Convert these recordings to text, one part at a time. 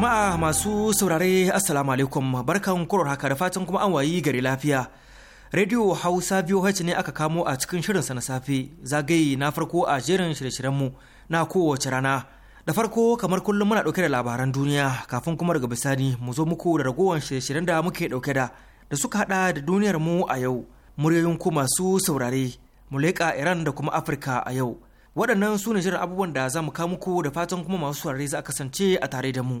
Jama'a masu saurare Assalamu alaikum barkan kurar haka da fatan kuma an wayi gari lafiya. Radio Hausa biyu VOH ne aka kamo a cikin shirin sa na safe zagaye na farko a jerin shirye-shiryenmu na kowace rana. Da farko kamar kullum muna dauke da labaran duniya kafin kuma daga bisani mu zo muku da ragowar shirye-shiryen da muke dauke da da suka hada da duniyar mu a yau. Muryoyin ku masu saurare mu leƙa Iran da kuma Afirka a yau. Waɗannan su ne jiran abubuwan da za mu kawo muku da fatan kuma masu saurare za a kasance a tare da mu.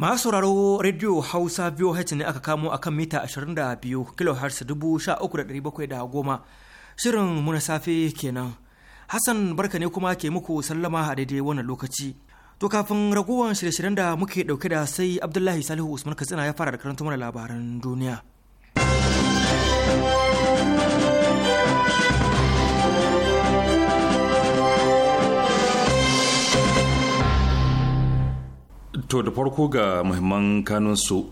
Masu sauraro Radio Hausa biyu VOH ne aka kamo akan mita 22 da goma Shirin mu na safe kenan. Hassan barka ne kuma ke muku sallama a daidai wannan lokaci. To kafin ragowar shirye-shiryen da muke dauke da sai Abdullahi Salihu Usman Katsina ya fara da karanta mana labaran duniya. da farko ga muhimman kanunsu.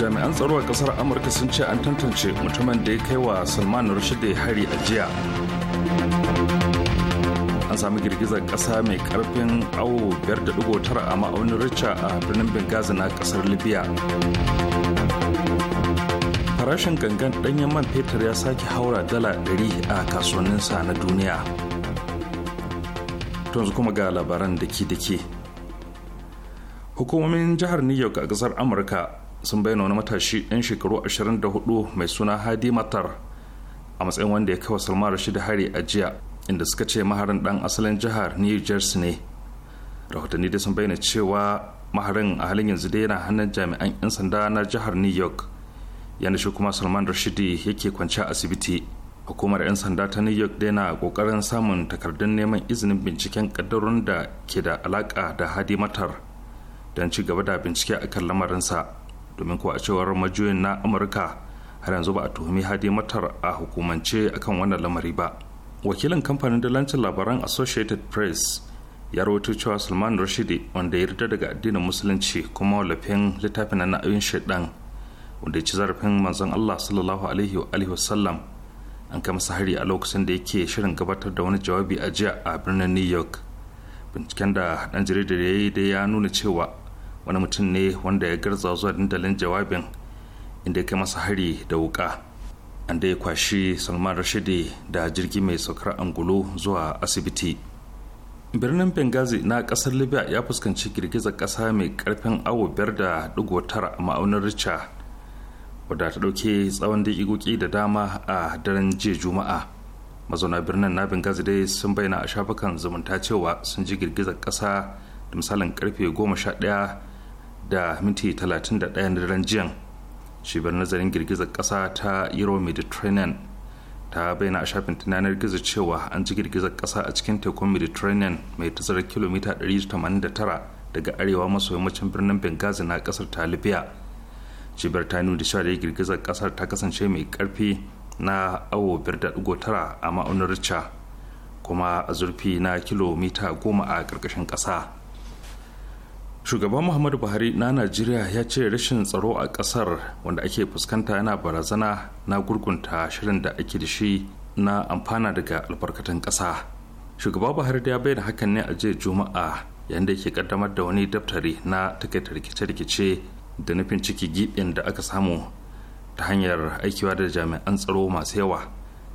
Jami'an tsaro a kasar Amurka sun ce an tantance mutumin da ya kai wa Salman Rushdie hari a jiya. An sami girgizar kasa mai karfin awo 5.9 a ma'aunin richa a birnin Benghazi na kasar Libya. Farashin gangan ɗanyen man fetur ya sake haura dala 100 a kasuwanninsa na duniya. yanzu kuma ga labaran da ke da ke hukumomin jihar new york a kasar amurka sun bayyana wani matashi yan shekaru 24 mai suna hadi matar a matsayin wanda ya kawo salma rashid hari a jiya inda suka ce maharin dan asalin jihar new jersey ne rahotanni dai sun bayyana cewa maharin a halin yanzu dai yana hannun jami'an 'yan sanda na jihar new york yana shi kuma salman rashidi yake kwance a asibiti hukumar 'yan sanda ta new york dai na kokarin samun takardun neman izinin binciken kaddarun da ke da alaka da hadi matar don ci gaba da bincike akan lamarinsa domin kuwa cewar majiyoyin na amurka har yanzu ba a tuhumi hadi matar a hukumance akan wannan lamari ba wakilin kamfanin dalancin labaran associated press ya rawaito cewa sulman rashidi wanda ya rida daga addinin musulunci kuma wallafin littafin na na'ayin shaidan wanda ya ci zarafin manzon allah sallallahu alaihi wa alihi wasallam an kai masa hari a lokacin da yake shirin gabatar da wani jawabi a jiya a birnin new york binciken da dan jaridar ya yi da ya nuna cewa wani mutum ne wanda ya garza zuwa dandalin jawabin inda ya kai masa hari da wuka an da ya kwashi salman rashidi da jirgi mai saukar angulo zuwa asibiti birnin benghazi na kasar libya ya fuskanci girgizar kasa mai karfin awo biyar da tara a ma'aunin richa wadda ta ɗauke tsawon daƙiƙoƙi da dama a daren jiya juma'a mazauna birnin na bengazi dai sun bayyana a shafukan zumunta cewa sun ji girgizar ƙasa da misalin karfe ɗaya da minti ɗaya na daren jiyan shibar nazarin girgizar ƙasa ta euro mediterranean ta bayyana a shafin tunanin gizo cewa an ji girgizar ƙasa a cikin tekun mediterranean mai tazarar kilomita 189 daga arewa maso yammacin birnin bengazi na ƙasar ta libya jibar ta nuna cewa da girgizar kasar ta kasance mai karfi na awo 5.9 a ma'aunin richa kuma a zurfi na kilomita goma a karkashin kasa. shugaban muhammadu buhari na najeriya ya ce rashin tsaro a kasar wanda ake fuskanta yana barazana na gurgunta shirin da ake da shi na amfana daga albarkatun kasa shugaba buhari da ya bayyana hakan ne a jiya juma'a yayin da ke kaddamar da wani daftari na takaita rikice-rikice da nufin ciki giɓin da aka samu ta hanyar aikiwa da jami'an tsaro masu yawa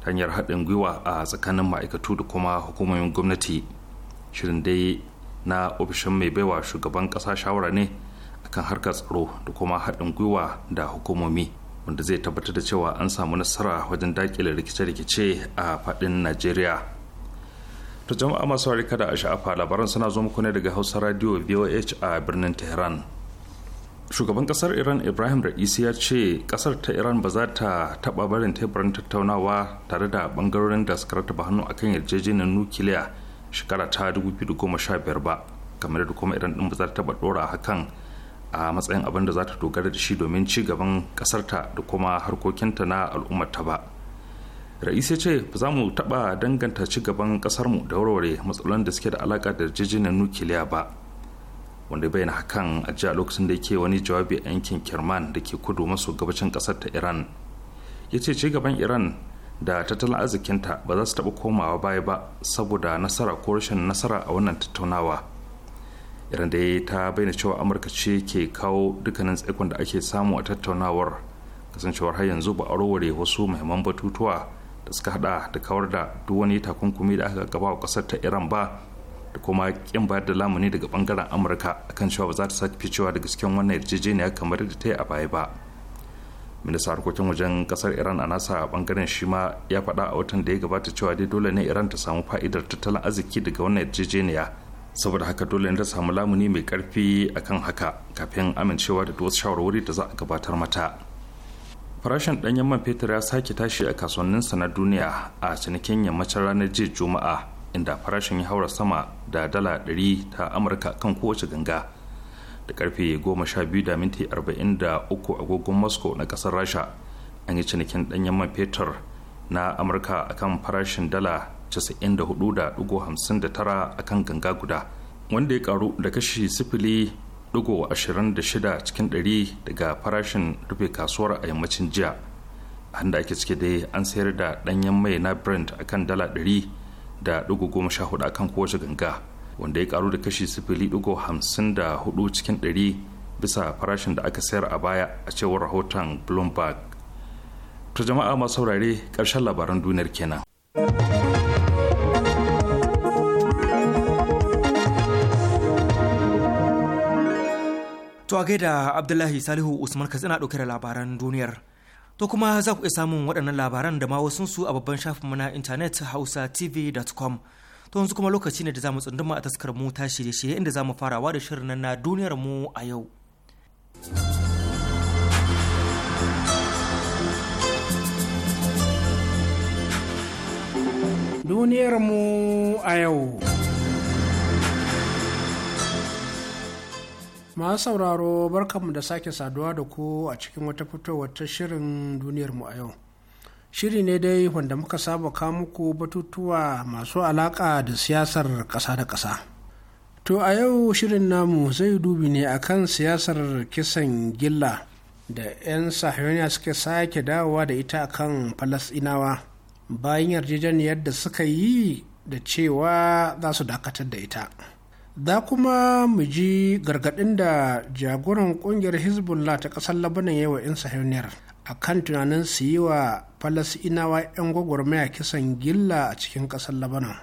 ta hanyar haɗin gwiwa a tsakanin ma'aikatu da kuma hukumomin gwamnati shirin dai na ofishin mai baiwa shugaban ƙasa shawara ne akan harkar tsaro da kuma haɗin gwiwa da hukumomi wanda zai tabbatar da cewa an samu nasara wajen daƙile rikice-rikice a faɗin najeriya ta jama'a masu harika da a sha'afa labaran suna zo muku ne daga hausa radio voh a birnin tehran shugaban kasar iran ibrahim ra'isi ya ce kasar ta iran ba za ta taba barin teburin tattaunawa tare da bangarorin da suka rataba hannu akan yarjejeniyar nukiliya shekara ta 2015 ba kamar da kuma iran din ba za ta taba dora hakan a matsayin abin da za ta dogara da shi domin ci gaban kasarta da kuma harkokinta na al'ummarta ba ra'isi ya ce ba za mu taba danganta ci gaban ƙasarmu da warware matsalolin da suke da alaka da yarjejeniyar nukiliya ba wanda ya bayyana hakan a jiya lokacin da yake wani jawabi a yankin kirman da ke kudu maso gabacin kasar ta iran ya ce ci gaban iran da tattalin arzikinta ba za su taɓa komawa baya ba saboda nasara ko rashin nasara a wannan tattaunawa iran da ya ta bayyana cewa amurka ce ke kawo dukkanin tsaikon da ake samu a tattaunawar kasancewar har yanzu ba a warware wasu muhimman batutuwa da suka hada da kawar da duk wani takunkumi da aka gaba wa kasar ta iran ba da kuma kin bayar da lamuni daga bangaren amurka akan cewa ba za ta sake ficewa daga cikin wannan yarjejeniya kamar da ta yi a baya ba minista harkokin wajen kasar iran a nasa a bangaren shi ma ya faɗa a watan da ya gabata cewa dai dole ne iran ta samu fa'idar tattalin arziki daga wannan yarjejeniya saboda haka dole ne ta samu lamuni mai karfi akan haka kafin amincewa da wasu shawarwari da za a gabatar mata farashin ɗanyen man fetur ya sake tashi a kasuwanninsa na duniya a cinikin yammacin ranar jiya juma'a inda farashin ya haura sama da dala 100 ta amurka kan kowace ganga da karfe 12.43 agogon moscow na kasar rasha an yi cinikin danyen man fetur na amurka akan farashin dala 94.59 akan ganga guda wanda ya karu da kashi sifili 26 cikin 100 daga farashin rufe kasuwar a yammacin jiya a da ake cike dai an sayar da danyen mai na brent akan dala 100 da ɗigo goma sha hudu akan kowace ganga wanda ya karu da kashi sifili ɗigo hamsin da hudu cikin ɗari bisa farashin da aka sayar a baya a cewar rahoton bloomberg to jama'a masu saurare ƙarshen labaran duniyar kenan To a gaida Abdullahi Salihu Usman Katsina ɗauke da labaran duniyar. To kuma za ku iya samun waɗannan labaran da ma su a babban shafinmu na intanet hausa hausatv.com. To yanzu kuma lokaci ne da za mu tsunduma a taskar mu ta shirye-shirye inda za mu farawa da shirin na duniyar mu a yau. Duniyar mu a yau. masu sauraro barkanmu da sake saduwa da ku a cikin wata fitowar ta shirin mu a yau shiri ne dai wanda muka saba kawo muku batutuwa masu alaka da siyasar ƙasa da ƙasa to a yau shirin namu zai dubi ne akan siyasar kisan gilla da 'yan sahiyoniya suke sake dawowa da ita akan falasinawa bayan yarjejeniyar da suka yi da cewa za su dakatar da ita za kuma mu ji gargaɗin da jagoran ƙungiyar hezbollah ta ƙasar labanan yawa 'yan sahiyoniyar a kan tunanin su yi wa falasinawa 'yan gwagwarmaya kisan gilla a cikin ƙasar labanan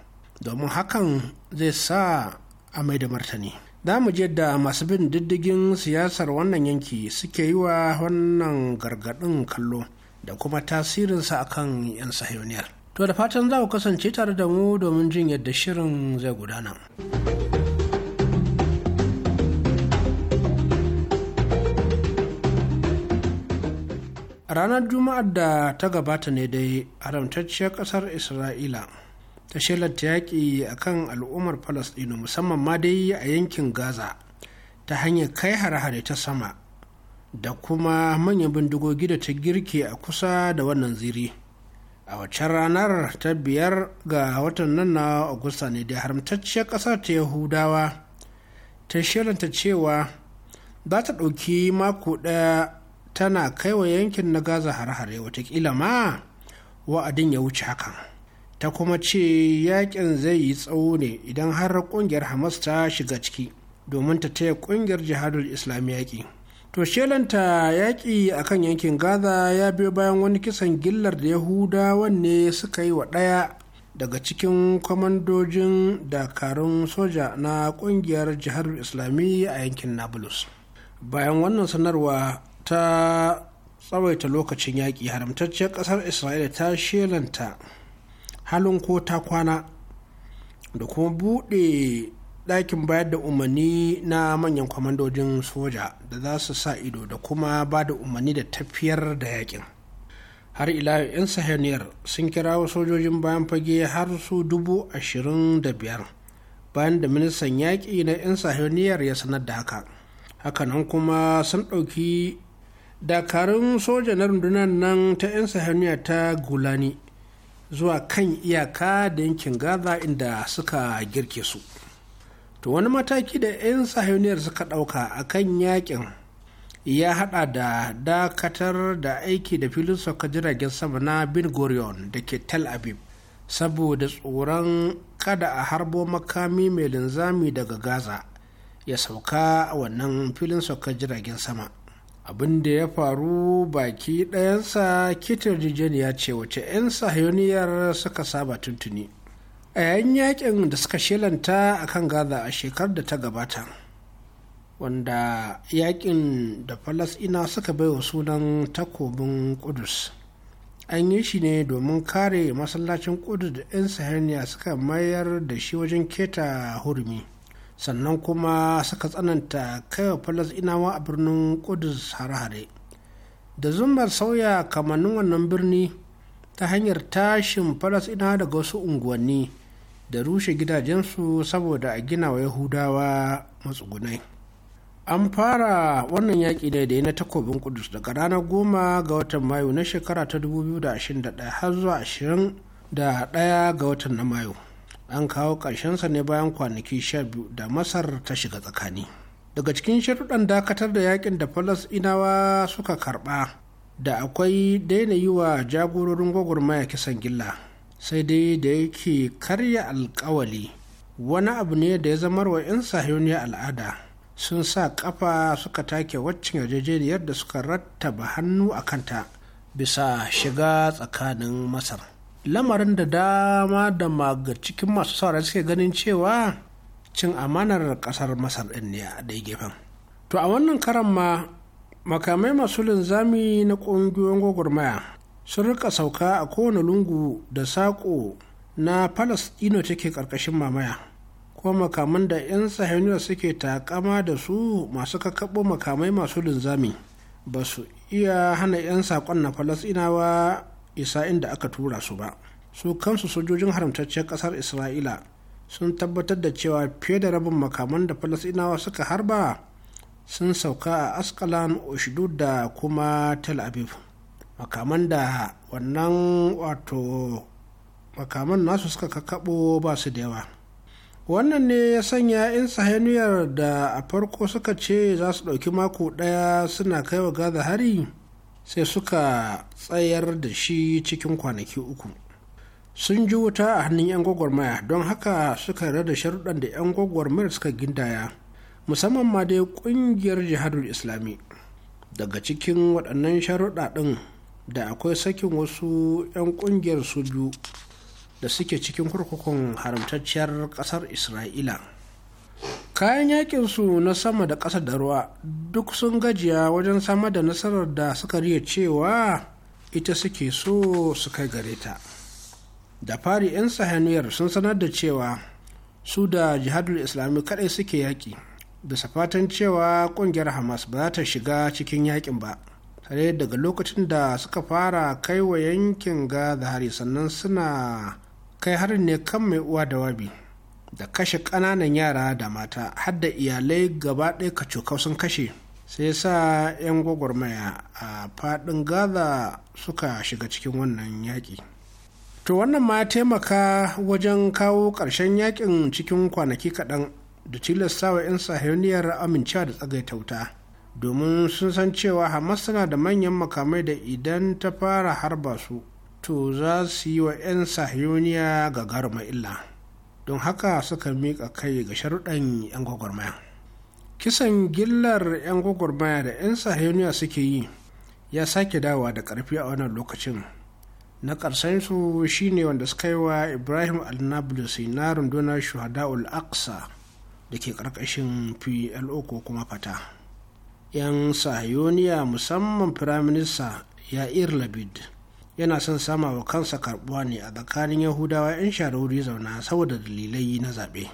domin hakan zai sa a mai da martani za mu je da masu bin diddigin siyasar wannan yanki suke yi wa wannan gargaɗin kallo da kuma tasirinsa a kan 'yan sahiyoniyar to da fatan za ku kasance tare da mu domin jin yadda shirin zai gudana. a ranar juma'ar da ta gabata ne dai haramtacciyar ƙasar isra'ila ta shelanta yaƙi a kan al'ummar falasɗinu musamman ma dai a yankin gaza ta hanyar kai hare-hare ta sama da kuma manyan bindigogi da ta girke a kusa da wannan ziri a waccan ranar ta biyar ga watan nan na agusta ne dai haramtacciyar ƙasar ta yahudawa ta shelanta cewa za ta ɗauki mako ɗaya tana kaiwa yankin na gaza har-hare watakila ma wa'adin ya wuce hakan ta kuma ce yakin zai yi tsawo ne idan har kungiyar hamas ta shiga ciki domin ta taya kungiyar jihadul islam yaƙi to shelanta yaƙi a kan yankin gaza ya biyo bayan wani kisan gillar da yahudawan ne suka yi wa ɗaya daga cikin kwamandojin dakarun soja na kungiyar jihar islami a yankin nablus bayan wannan sanarwa ta tsawaita lokacin yaƙi haramtacciyar ƙasar isra'ila ta shelanta halin ko ta kwana da kuma buɗe ɗakin bayar da umarni na manyan kwamandojin soja da za su sa ido da kuma ba da umarni da tafiyar da yaƙin har ila 'yan sahaniyar sun kirawo sojojin bayan fage har su dubu ashirin da biyar bayan da ministan yaƙi na 'yan sahaniyar ya sanar da haka hakanan kuma sun ɗauki dakarun soja na rundunar nan ta 'yan sahaniya ta gulani zuwa kan iyaka da yankin gaza inda suka girke su to wani mataki da 'yan sahaniyar suka ɗauka a kan yakin ya hada da dakatar da aiki da filin sauka jiragen sama na bin gurion da ke tel aviv saboda tsoron kada a harbo makami mai linzami daga gaza ya sauka a wannan filin sauka jiragen sama abin da ya faru baki ɗayansa kitar jijeniya ce wace 'yan sahiyoniyar suka saba tuntuni a yayin yakin da suka shelanta a kan gaza a shekar da ta gabata wanda yakin da falasina suka baiwa sunan takobin kudus an yi shi ne domin kare masallacin kudus da 'yan sahiyoniya suka mayar da shi wajen keta hurumi. sannan kuma suka tsananta kaiwa falasɗinawa a birnin kudus hare-hare da zumar sauya kamannin wannan birni ta hanyar tashin falasɗinawa daga wasu unguwanni da rushe gidajensu saboda a gina wa yahudawa matsugunai an fara wannan yaƙi daidai na takobin kudus daga ranar goma ga watan mayu na shekara ta 2021 har zuwa 21 ga watan na mayu an kawo ƙarshensa ne bayan kwanaki sha biyu da masar ta shiga tsakani daga cikin sharuɗan dakatar da yakin da falasɗinawa suka karɓa da akwai daina yi wa jagororin gwagwarmaya kisan gilla sai dai da yake karya alkawali wani abu ne da ya zamar wa 'yan sahiyoniya al'ada sun sa kafa suka take waccan yarjejeniyar da suka rattaba hannu a kanta bisa shiga tsakanin masar lamarin da dama da maga cikin masu sauran suke ganin cewa cin amanar kasar masar ɗin ne a dai gefen to a wannan karan ma makamai masu linzami na ƙungiyoyin gwagwarmaya sun rika sauka a kowane lungu da saƙo na palestino take ƙarƙashin mamaya kuma makaman da 'yan sahaniyar suke takama da su masu kakaɓo makamai masu linzami ba su iya hana 'yan saƙon na ba. isa inda aka tura su ba su kansu sojojin haramtacciyar kasar isra'ila sun tabbatar da cewa fiye da rabin makaman da falasinawa suka harba sun sauka a askalan oshidu da kuma tel aviv makaman da wannan wato makaman nasu suka kakabo ba su da yawa wannan ne ya sanya in sahaniyar da a farko suka ce za su ɗauki mako ɗaya suna kaiwa wa gaza hari sai suka tsayar da shi cikin kwanaki uku sun ji wuta a hannun 'yan gwagwarmaya don haka suka rada sharuɗan da 'yan gwagwarmayar suka gindaya musamman ma dai ƙungiyar jihadul islami daga cikin waɗannan sharuɗa ɗin da akwai sakin wasu 'yan ƙungiyar su biyu da suke cikin kurkukun haramtacciyar ƙasar isra'ila kayan su na sama da ƙasa da ruwa duk sun gajiya wajen samar da nasarar da suka riya cewa ita suke so su kai gare ta da fari 'yan sahaniyar sun sanar da cewa su da jihadul islami kadai suke yaƙi bisa fatan cewa ƙungiyar hamas ba ta shiga cikin yaƙin ba tare daga lokacin da suka fara kai wa yankin gaza hari sannan suna kai harin ne kan mai uwa da wabi da kashe ƙananan yara da mata har iyalai gaba ɗaya ka kacokau sun kashe sai sa 'yan gwagwarmaya a faɗin gaza suka shiga cikin wannan yaƙi to wannan ma taimaka wajen kawo ƙarshen yaƙin cikin kwanaki kaɗan da tilastawa 'yan sahiyoniyar amincewa da tsagaita wuta domin sun san cewa hamas tana da manyan makamai da idan ta fara harba su to za su yi wa 'yan sahiyoniya gagarumar illa don haka suka miƙa kai ga sharuɗan 'yan gwagwarmaya kisan gillar 'yan gwagwarmaya da 'yan sahiyoniya suke yi ya sake dawa da ƙarfi a wannan lokacin na su shine wanda suka yi wa ibrahim al-nablus na rundunar shuhada'ul aqsa da ke ƙarƙashin plo ko kuma fata 'yan sahiyoniya musamman firaminista ya'ir labid yana son sama wa kansa karbuwa ne a tsakanin yahudawa 'yan sharori zauna saboda dalilai na zaɓe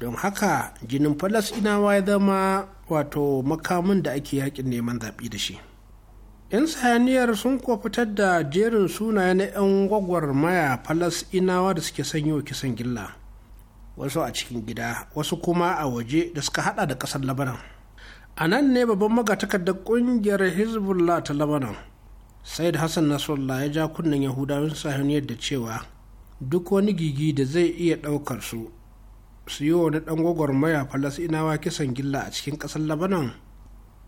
don haka jinin falasɗinawa ya zama wato makamin da ake yakin neman zaɓe da shi 'yan sayaniyar sun kuwa fitar da jerin sunaye na 'yan gwagwarmaya falasɗinawa da suke sanyo kisan gilla wasu a cikin gida wasu kuma a waje da suka hada da ƙasar labanan a nan ne babban magatakardar ƙungiyar hezbollah ta labanan said hassan nasrallah ya ja kunnen yahudawan sahaniyar da cewa duk wani gigi da zai iya ɗaukar su su yi wani ɗan gwagwarmaya falasinawa kisan gilla a cikin ƙasar labanan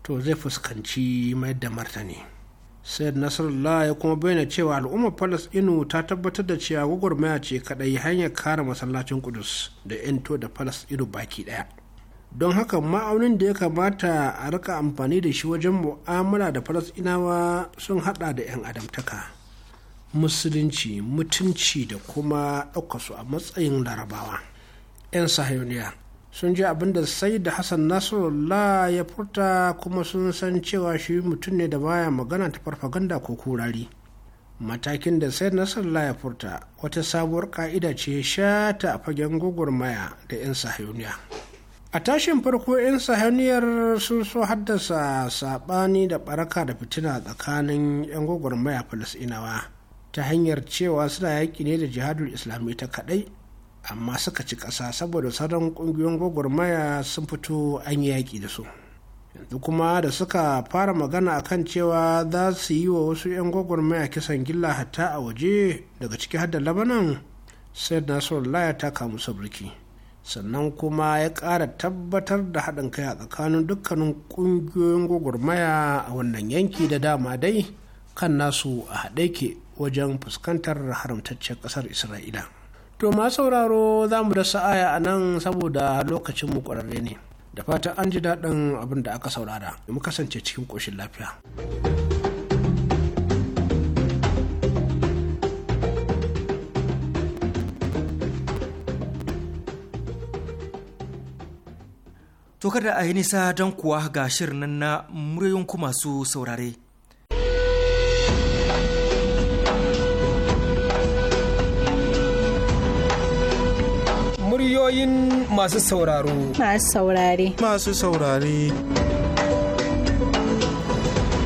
to zai fuskanci mai da martani said nasrallah ya kuma bayyana cewa al'ummar falasinu ta tabbatar da cewa gwagwarmaya ce kaɗai hanyar kare masallacin kudus da 'yanto da falasinu baki ɗaya don haka ma'aunin da ya kamata a rika amfani da shi wajen mu'amala da inawa sun hada da 'yan adamtaka musulunci mutunci da kuma su a matsayin larabawa 'yan sahiyoniya sun ji abin da sai da hassan nasarullah ya furta kuma sun san cewa shi mutum ne da baya magana ta farfaganda ko kurari matakin da sai nasarullah ya furta wata sabuwar ka'ida ce shata a fagen gwagwarmaya da 'yan sahiyoniya a tashin farko 'yan sahaniyar sun so haddasa saɓani da ɓaraka da fitina tsakanin 'yan gwagwarmaya falasinawa ta hanyar cewa suna yaƙi ne da jihadul islami ta kaɗai amma suka ci ƙasa saboda sauran ƙungiyoyin gwagwarmaya sun fito an yi yaƙi da su yanzu kuma da suka fara magana akan cewa za su yi wa wasu 'yan gwagwarmaya kisan gilla hatta a waje daga ciki har labanan sai nasarar laya ta kamu sabulki sannan kuma ya ƙara tabbatar da haɗin kai a tsakanin dukkanin ƙungiyoyin gwagwarmaya a wannan yanki da dama dai kan nasu a haɗe ke wajen fuskantar haramtaccen ƙasar isra'ila to ma sauraro za mu da sa'aya a nan saboda lokacin mu ƙwararre ne da fatan an ji daɗin abin da aka saurara mu kasance cikin ƙoshin lafiya. To kada a yi nisa don kuwa ga shirin nan na muryoyin ku masu saurare. Muryoyin masu sauraro. Masu saurare. Masu saurare.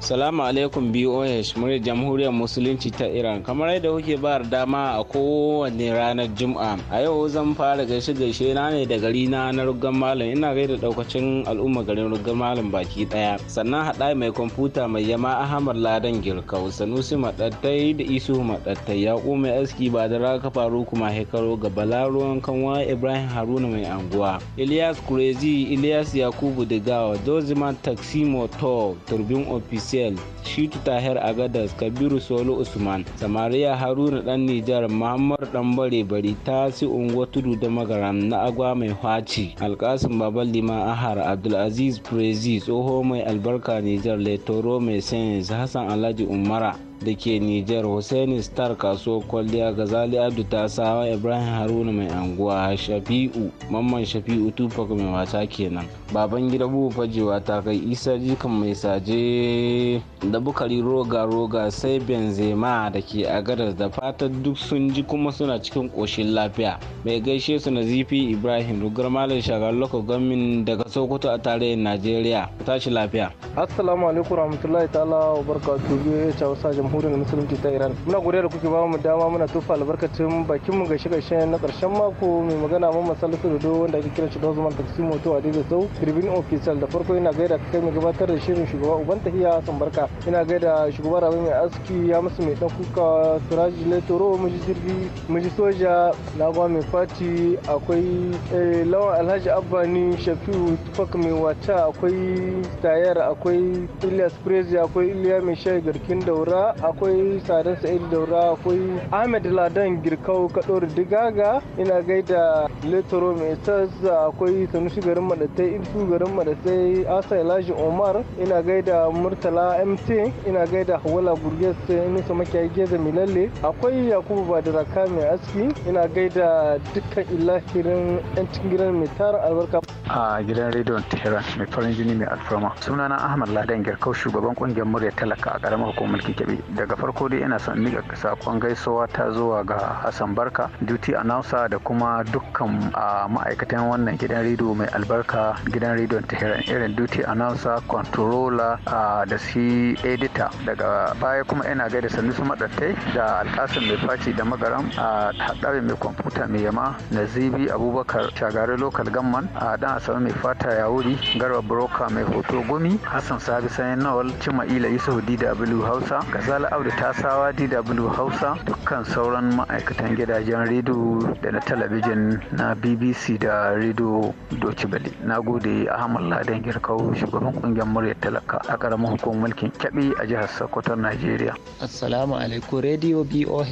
Salamu alaikum BOH muryar jamhuriyar musulunci ta Iran kamar yadda kuke ba dama a kowane ranar Juma'a a yau zan fara gaishe gaishe na ne da gari na na ruggan malam ina gaida daukacin al'umma garin ruggan malam baki daya sannan haɗa mai kwamfuta mai yama Ahmad Ladan Girkau Sanusi madattai da Isu madattai ya mai aski ba da raka faru kuma hekaro ga Balaruwan Kanwa Ibrahim Haruna mai anguwa Ilyas Kurezi Ilyas Yakubu da Digawa Dozima Taksimo to Turbin ofis. Marcel, Shitu Tahir Agadas, Kabiru Solo Usman, Samaria Haruna dan Nijar, Muhammadu dan Bare Bari, Tasi Unguwa Tudu da Magaram na Agwa Mai Hwaci, Alkasim Babal Lima Ahar, Abdulaziz Prezi, Tsoho Mai Albarka Nijar, Letoro Mai Sainz, Hassan Alhaji Umara, da ke Nijar Hussaini Star kasuwar kwalliya Gazali Abdu ta sawa Ibrahim Haruna mai anguwa Shafi'u Mamman Shafi'u Tupac mai mata kenan. Baban gida fajewa ta kai Isa Jikan mai saje da Bukari Roga Roga sai Benzema da ke agadar da fatan duk sun ji kuma suna cikin koshin lafiya. Mai gaishe su na Zifi Ibrahim Rugar Malam Shagar Loko daga Sokoto a tarayyar Najeriya. Tashi lafiya. Assalamu alaikum warahmatullahi ta'ala wa jamhuriyar musulunci ta iran muna godiya da kuke ba mu dama muna tufa albarkacin bakin mu gaishe gaishe na karshen mako mai magana mun da do wanda ake kira shi da zaman taksi moto a daidai sau tribune official da farko ina gaida ka kai mai gabatar da shirin shugaba uban tahiya san barka ina gaida shugaba rabi mai aski ya musu mai dan kuka suraji mu ji jirgi ji soja lagwa mai fati akwai eh, lawan alhaji abbani shafiu tufak mai wata akwai tayar akwai ilias prezi akwai iliya mai shayi garkin daura akwai sadar sa'id daura akwai ahmed ladan girkau kadori digaga ina gaida letoro mai sas akwai sanusi garin madatai ibsu garin madatai asa elaji omar ina gaida murtala mt ina gaida hawala burges nisa makiyayi geza milalle akwai yakubu Badiraka mai aski ina gaida dukkan ilahirin yan cikin gidan mai tara albarka a gidan rediyon tehran mai farin jini mai alfarma sunana ahmad ladan girkau shugaban kungiyar murya talaka a karamar hukumar kebe daga farko dai ina son miƙa sakon gaisuwa ta zuwa ga Hassan Barka duty announcer da kuma dukkan ma'aikatan wannan gidan rediyo mai albarka gidan ta Tehran irin duty announcer controller da si editor daga baya kuma ina gaida su Madattai da Alkasim mai faci da magaram a haɗari mai kwamfuta mai yama Nazibi Abubakar Shagari Local Gamman a dan Asabe mai fata ya wuri Garba Broka mai hoto gumi Hassan Sabi Sayin Nawal Cima Ila Yusuf Dida Abilu Hausa Gazal sale ta tasawa dw hausa dukkan sauran ma'aikatan gidajen rediyo da na talabijin na bbc da rediyo docibali na gode ahmad ladan girkau shugaban kungiyar muryar talaka a karamin hukumar mulkin kyabi a jihar sokoto najeriya assalamu alaikum radio boh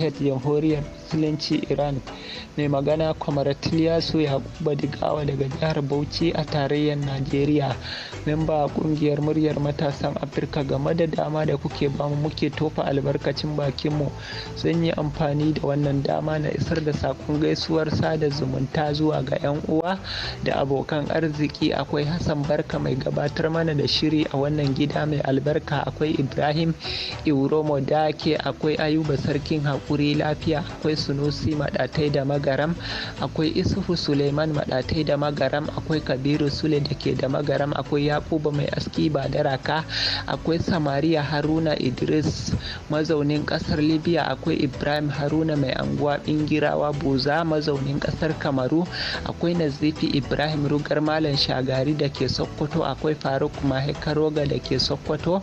horiyar musulunci iran mai magana kwamaratiliya su ya digawa daga jihar bauchi a tarayyar najeriya memba kungiyar muryar matasan afirka game da dama da kuke bamu muke tofa albarkacin bakinmu sun yi amfani da wannan dama na isar da sakon gaisuwar sada zumunta zuwa ga 'yan uwa da abokan arziki akwai hassan barka mai gabatar mana da shiri a wannan gida mai albarka akwai ibrahim iwromo dake akwai ayuba sarkin haƙuri lafiya akwai sunusi maɗatai da magaram akwai isufu suleiman maɗatai da magaram akwai kabiru sule da ke da magaram akwai yakuba mai aski ba da raka akwai samariya haruna idris mazaunin ƙasar libya akwai ibrahim haruna mai anguwa bingirawa buza mazaunin ƙasar kamaru akwai nazifi ibrahim rugar malam shagari da ke sokoto akwai faruk mahekaroga da ke sokoto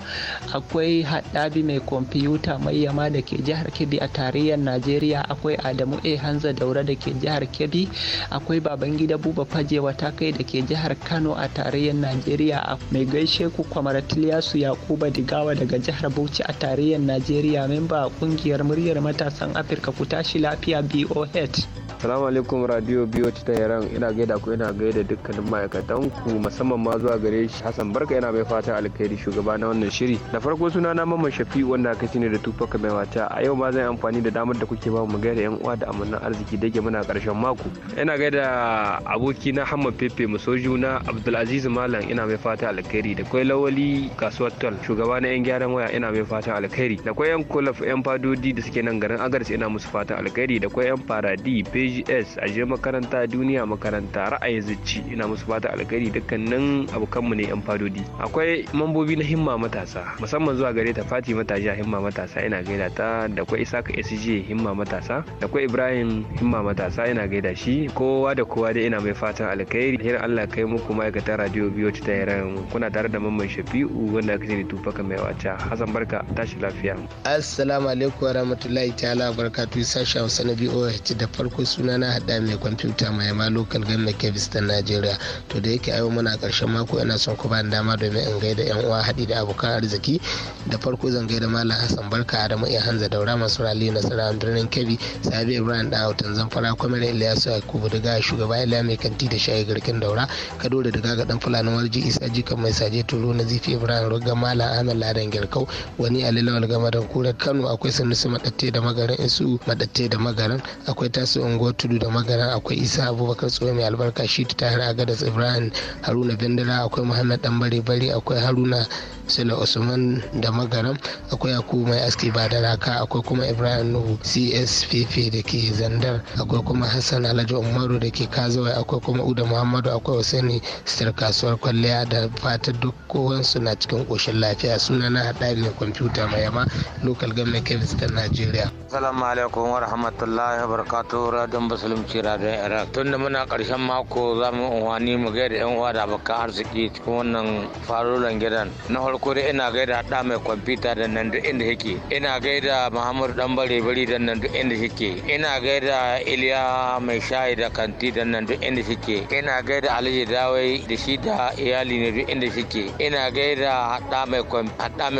akwai haɗabi mai kwamfiyuta mai yama da ke jihar kebbi a tarayyar najeriya akwai adamu a hanza daura da ke jihar kebbi akwai babangida buba fajewa ta kai da ke jihar kano a tarayyar najeriya a mai gaishe ku kwamar tiliyasu yakuba digawa daga jihar bauchi a tarayyar najeriya memba kungiyar muryar matasan afirka ku tashi lafiya boh Assalamu alaikum radio ta yaran ina gaida ku ina gaida dukkanin ma'aikatan ku musamman ma zuwa gare shi Hassan Barka yana mai fata alkhairi shugaba na wannan shiri. Da farko suna na Mamman Shafi wanda aka ne da tufaka mai wata a yau ma zan amfani da damar da kuke ba mu gaida yan uwa da amannan arziki dake muna karshen mako. Ina gaida aboki na Hamma Pepe soju na Abdulaziz Malam ina mai fata alkhairi da kwai Lawali kasuwar Tol shugaba na yan gyaran waya ina mai fata alkhairi da kwai yan Kolaf yan Fadodi da suke nan garin Agaris ina musu fata alkhairi da kwai yan Faradi bgs a je makaranta duniya makaranta ra'ayin zuci ina musu fata alkhairi dukkanin abokanmu ne yan fadodi akwai mambobi na himma matasa musamman zuwa gare ta fati matashi a himma matasa ina gaida ta da kwai isaka sg himma matasa da kwai ibrahim himma matasa ina gaida shi kowa da kowa dai ina mai fatan alkhairi hirin allah kai muku ma'aikatan radio biyo ta yaran kuna tare da mamman shafi'u wanda aka ce da tufaka mai wata hasan barka tashi lafiya assalamu alaikum warahmatullahi ta'ala barakatuhu sashi hausa na boh da farko su sunana hada mai kwamfuta mai ma local government kebis ta nigeria to da yake ayo muna karshen mako yana son ku bani dama domin in gaida yan uwa hadi da abokan arziki da farko zan gaida malam hassan barka da iya hanza daura masu rali nasara birnin kebi sabi ibrahim da hautan zamfara kwamar ilyasu yakubu daga shugaba ila mai kanti da shayi garkin daura kado da daga dan fulani wani ji isa ji kan mai saje turu na zifi ibrahim rugga malam ahmed ladan girkau wani alilawal gama da kura kano akwai sanusu madatte da in isu madatte da magarin akwai tasu sabuwar tudu da magana akwai isa abubakar tsohon mai albarka shi ta tare a gadas ibrahim haruna bindira akwai muhammad dan bari bari akwai haruna sula usman da magana akwai Aku mai aski ba da raka akwai kuma ibrahim nuhu cspp da ke zandar akwai kuma hassan alhaji umaru da ke kazawa akwai kuma uda muhammadu akwai husaini sitar kasuwar kwalliya da fata duk kowansu na cikin koshin lafiya suna na haɗari mai kwamfuta mai yama local government kebis ta najeriya Assalamu alaikum wa rahmatullahi wa barakatuh radon musulunci radon Iraq. Tun da muna karshen mako za mu unwani mu gaida yan uwa da abokan arziki cikin wannan farulan gidan. Na farko dai ina gaida da mai kwamfuta da nan duk inda yake. Ina gaida Muhammadu dan bare bari da nan duk inda yake. Ina gaida Iliya mai shayi da kanti da nan duk inda yake. Ina gaida Aliyu Dawai da shi da iyali ne duk inda yake. Ina gaida hada mai kwamfuta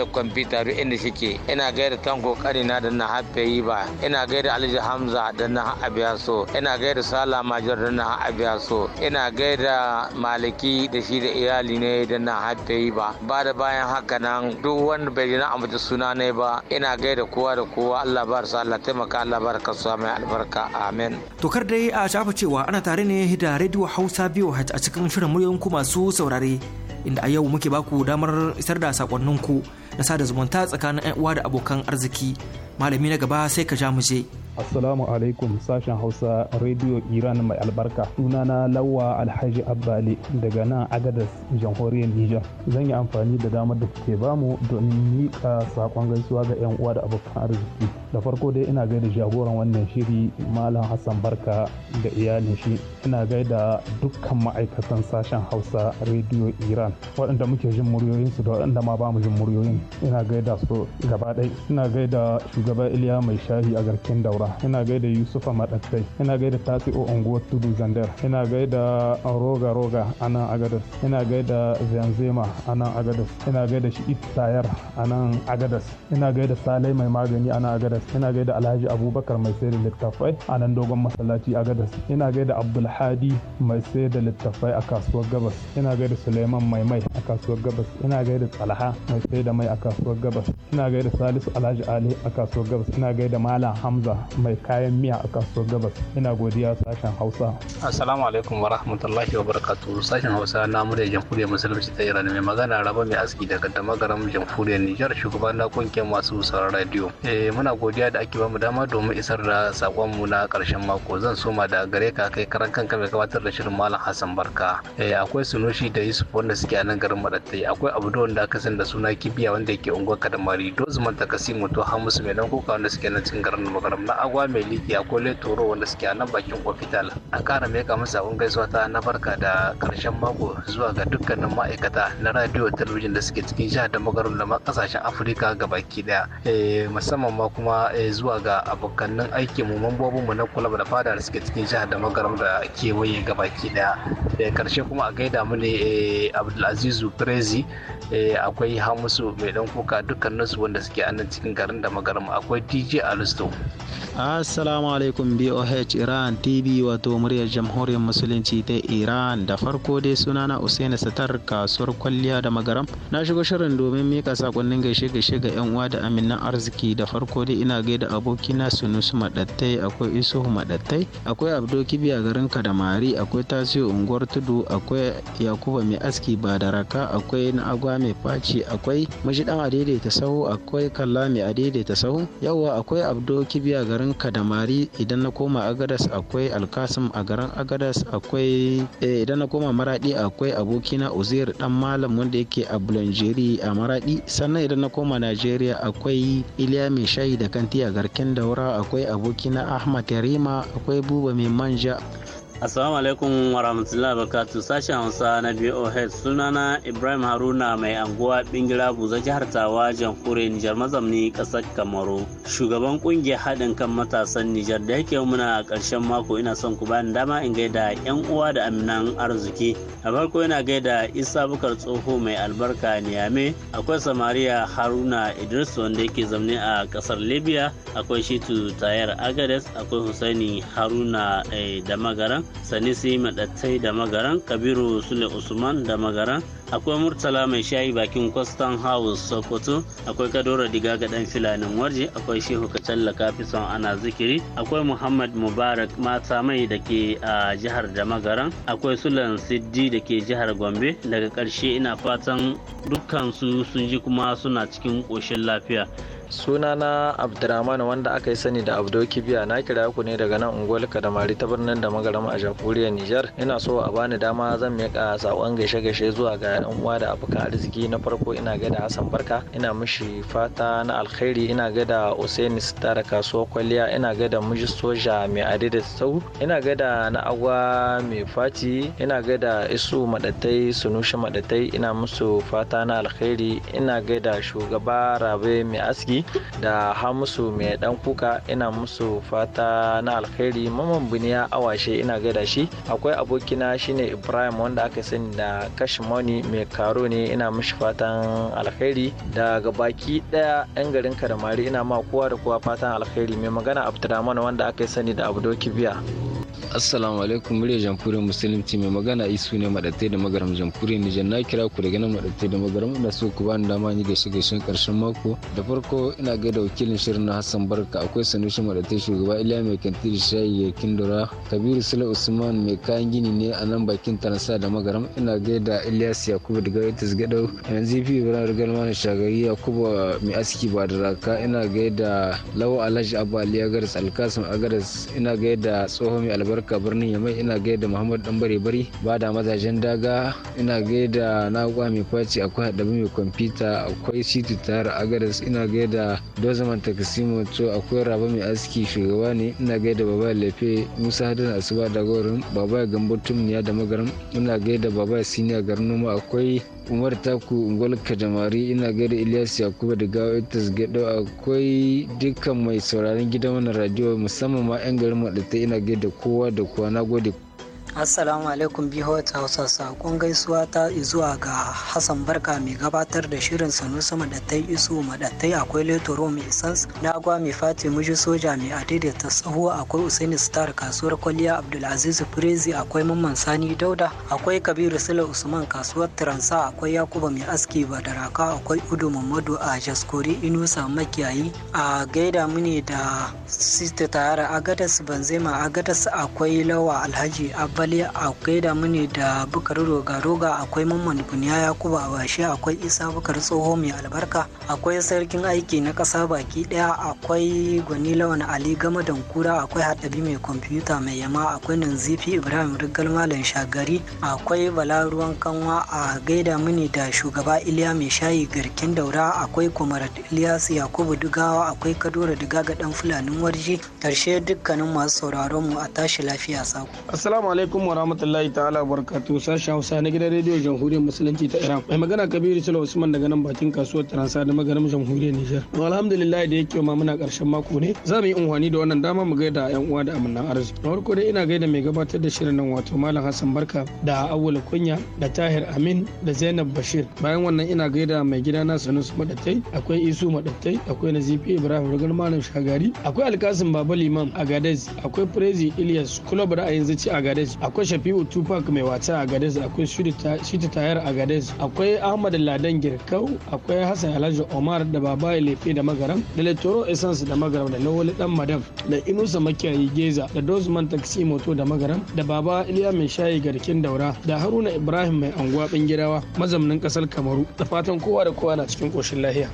duk inda yake. Ina gaida tanko na da na hafe yi ba ina gaida alhaji hamza da na abiya so ina gaida sala majar da na abiya so ina gaida maliki da shi da iyali ne da na haddayi ba ba da bayan haka nan duk wanda bai ji na amince suna ne ba ina gaida kowa da kowa Allah bar sa Allah taimaka Allah bar ka su mai albarka amen. tokar dai a shafa cewa ana tare ne da rediyo Hausa biyu a cikin shirin muryoyin ku masu saurare inda a yau muke baku damar isar da sakonninku na sada zumunta tsakanin 'yan uwa da abokan arziki malami na gaba sai ka ja mu je. Assalamu alaikum sashen Hausa Radio Iran mai albarka. Sunana Lawa Alhaji Abbali daga nan Agadas jamhuriyar Nijar. Zan yi amfani da damar da kuke bamu domin miƙa saƙon gaisuwa ga 'yan uwa da abokan arziki. Da farko dai ina gaida jagoran wannan shiri Malam Hassan Barka da iyalin shi. Ina gaida dukkan ma'aikatan sashen Hausa Radio Iran waɗanda muke jin muryoyin su da waɗanda ma ba mu jin muryoyin. Ina gaida su gaba ɗaya. Ina gaida shugaba Iliya Mai Shahi a garkin Daura. Taraba ina gaida Yusufa Madattai ina gaida Tasi'u Unguwar Tudu Zandar ina gaida Roga Roga a nan Agadas ina gaida Zanzema a nan Agadas ina gaida Shi'it Tayar a nan Agadas ina gaida Salai Mai Magani a nan Agadas ina gaida Alhaji Abubakar Mai Sayar da Littafai a nan Dogon Masallaci Agadas ina gaida Abdulhadi Mai Sayar da Littafai a kasuwar Gabas ina gaida Suleiman Mai Mai a kasuwar Gabas ina gaida Tsalha Mai Sayar da Mai a kasuwar Gabas ina gaida Salisu Alhaji Ali a kasuwar Gabas ina gaida Malam Hamza mai kayan miya a kasuwar gabas ina godiya sashen hausa assalamu alaikum wa rahmatullahi wa barakatu. sashen hausa na murya jamhuriyar musulunci ta iran mai magana raba mai aski daga damagaram jamhuriyar nijar shugaban na kungiyar masu sauran radio eh muna godiya da ake bamu dama domin isar da sakon mu na karshen mako zan soma da gare ka kai karan kanka mai gabatar da shirin malam hassan barka eh, akwai sunushi da yusuf wanda suke a nan garin madattai akwai da wanda aka san da suna kibiya wanda yake unguwar kadamari dozman takasimu to hamisu mai nan kuka wanda suke nan cikin garin magaram na agwa mai liki a akwai letoro wanda suke a nan bakin ofital a kara mai kama sabon gaisuwa ta na barka da karshen mako zuwa ga dukkanin ma'aikata na radio talabijin da suke cikin jihar da magaru da ma kasashen afirka gabaki daya eh, musamman ma kuma eh, zuwa ga abokannin aiki mu mambobin mu na kulab da fada da suke cikin jihar da magaru da kewaye gabaki daya da eh, karshe kuma a gaida mu ne abdulazizu prezi akwai hamusu mai dan kuka dukkaninsu wanda suke a nan cikin garin da magaru akwai dj alisto Assalamu alaikum BOH Iran TV wato muryar jamhuriyar musulunci ta Iran da farko dai sunana Usaini Satar kasuwar kwalliya da magaram na shigo shirin domin mika sakonnin gaishe gaishe ga yan uwa da aminan arziki da farko dai ina gaida abokina Sunusu Madattai akwai Isu Madattai akwai Abdo Kibiya garin Kadamari akwai Tasiu unguwar Tudu akwai Yakuba mai aski Badaraka akwai na agwa mai faci akwai Majidan Adaidaita Sahu akwai Kallami mai Adaidaita Sahu yawa akwai Abdo Kibiya garin garin kadamari idan na koma agadas akwai alkasim a garin agadas akwai eh, idan na koma maradi akwai abokina uzair dan malam wanda yake a bulanjeri a maradi sannan idan na koma najeriya akwai iliya mai shayi da kanti a garken daura akwai abokina ahmad yarima akwai buba mai manja Assalamu alaikum wa rahmatullahi barakatuh sashen Hausa na BOH sunana Ibrahim Haruna mai anguwa Bingira Buza jihar Tawa jamhuriyar Nijar mazamni kasar Kamaru. Shugaban kungiyar haɗin kan matasan Nijar da yake muna ƙarshen mako ina son ku bani dama in gaida yan uwa da aminan arziki. A farko ina gaida Isa Bukar Tsoho mai albarka Niyame, akwai Samaria Haruna Idris wanda yake zamne a ƙasar Libya, akwai Shitu Tayar Agades, akwai Husaini Haruna da eh, Damagaran, sanisi madattai da magaran kabiru sule usman da magaran akwai murtala mai shayi bakin kwastan house sokoto akwai kadora diga ga dan filanin warje akwai shehu fi son ana zikiri akwai muhammad mubarak mata mai da ke a jihar da magaran akwai sulan siddi da ke jihar gombe daga karshe ina fatan dukkan su sun ji kuma suna cikin koshin lafiya sunana abdurrahman wanda aka yi sani da abdoki biya na kira ku ne daga nan unguwar kadamari ta birnin da magarama a jamhuriyar nijar ina so a bani dama zan miƙa saƙon gaishe gaishe zuwa ga yan uwa da abokan arziki na farko ina gaida hassan barka ina mishi fata na alkhairi ina gada usaini sitara kasuwar kwalliya ina gada miji soja mai adida sau ina gada na agwa mai fati ina gaida isu madatai sunushi madatai ina musu fata na alkhairi ina gaida shugaba rabe mai aski ciki da hamusu mai dan kuka ina musu fata na alkhairi maman biniya awashe ina gaida shi akwai abokina shine ibrahim wanda aka sani da kashi money mai karo ne ina mishi fatan alkhairi ga baki daya yan garin karamari ina ma kowa da kowa fatan alkhairi mai magana abdurrahman wanda aka sani da abdoki biya assalamu alaikum murya jamhuriyar musulunci mai magana isu ne madatai da magaram jamhuriyar nijar na kira ku daga nan madatai da magaram ina so ku bani dama ni gaishe gaishen karshen mako da farko ina gaida wakilin shirin na hassan barka akwai sanushi madatai shugaba iliya mai kantiri shayi ya kindura kabiru sula usman mai kayan gini ne a nan bakin tanasa da magaram ina gaida ilyas yakubu daga itis gadau yanzu fi bira rigar mana shagari yakubu mai aski ba da raka ina da lawa alhaji abu aliya garis alkasim agaras ina da tsohon mai albarka barka birnin yamai ina gaida muhammad dan bare bari ba da mazajen daga ina gaida nagwa mai faci akwai haɗabi mai kwamfuta akwai city tare agadas ina gaida dozaman takasimo to akwai raba mai aski shugaba ne ina gaida baba lefe musa hadin asuba da gorin baba gambo tumniya da magarin ina gaida baba siniya garin numa akwai umar taku ungol kajamari ina gaida ilyas yakubu da gawa itas gado akwai dukkan mai sauraron gidan wani radio musamman ma yan garin maɗata ina gaida kowa kowa da kowa na gode assalamu alaikum biyu hausa sakon gaisuwa ta zuwa ga hassan barka mai gabatar da shirin sanusa madattai iso madattai akwai letoro mai sans gwa mai fati muji soja mai adaidaita tsaho akwai usaini star kasuwar kwaliya abdulaziz firezi akwai mamman sani dauda akwai kabiru sula usman kasuwar taransa akwai yakuba mai aski badaraka akwai udu mamadu a jaskori inusa makiyayi a gaida mune da sista tayara agadas banzema agadas akwai lawa alhaji abba Mali akwai da da Bukar Roga-Roga akwai Mamman Buniya Yakubu Abashi akwai Isa Bukar Tsoho mai albarka akwai sarkin aiki na ƙasa baki ɗaya akwai Gwani Lawan Ali Gama Dankura akwai Haɗabi mai kwamfuta mai yama akwai Nanzifi Ibrahim Rigal Malam Shagari akwai Bala Ruwan Kanwa a gaida muni da shugaba Iliya mai shayi garken daura akwai Kwamarat Ilyas Yakubu Dugawa akwai Kadura Dugaga ɗan Fulanin Warji ƙarshe dukkanin masu sauraron mu a tashi lafiya sako. alaikum wa rahmatullahi ta'ala wa barakatu sashen Hausa na gidan rediyo Jamhuriyar Musulunci ta Iran. Mai magana Kabiru Sula Usman daga nan bakin kasuwar Taransa da maganin Jamhuriyar Nijar. To alhamdulillah da yake ma muna karshen mako ne. Za mu yi unhwani da wannan dama mu gaida yan uwa da amina arziki. Na farko dai ina gaida mai gabatar da shirin nan wato Malam Hassan Barka da Awul Kunya da Tahir Amin da Zainab Bashir. Bayan wannan ina gaida mai gida na sanusu Madattai, akwai Isu Madattai, akwai Nazifi Ibrahim Rugar Malam Shagari, akwai Alkasim Baba Liman Agadez, akwai Prezi Ilyas Kulob Ra'ayin Zici gadez akwai Shafi'u Tupac mai wata a gades akwai Shita Tayar a gades akwai Ahmad Ladan Girkau akwai Hassan Alhaji Omar da baba Lefe da Magaram da Letoro Essence da Magaram da Lawali Dan Madam da Inusa Makiyayi Geza da Dozman Taxi Moto da Magaram da Baba Iliya Mai Shayi Garkin Daura da Haruna Ibrahim Mai Anguwa Bingirawa Mazamnin kasar Kamaru da fatan kowa da kowa na cikin koshin lahiya.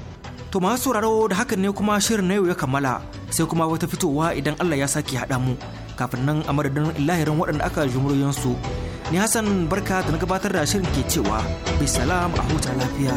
To masu sauraro da hakan ne kuma shirin na yau ya kammala sai kuma wata fitowa idan Allah ya sake haɗa mu. kafin nan a madadin lahirin waɗanda aka jumuriyansu ni hassan barka da na gabatar da shirin ke cewa bisalam a huta lafiya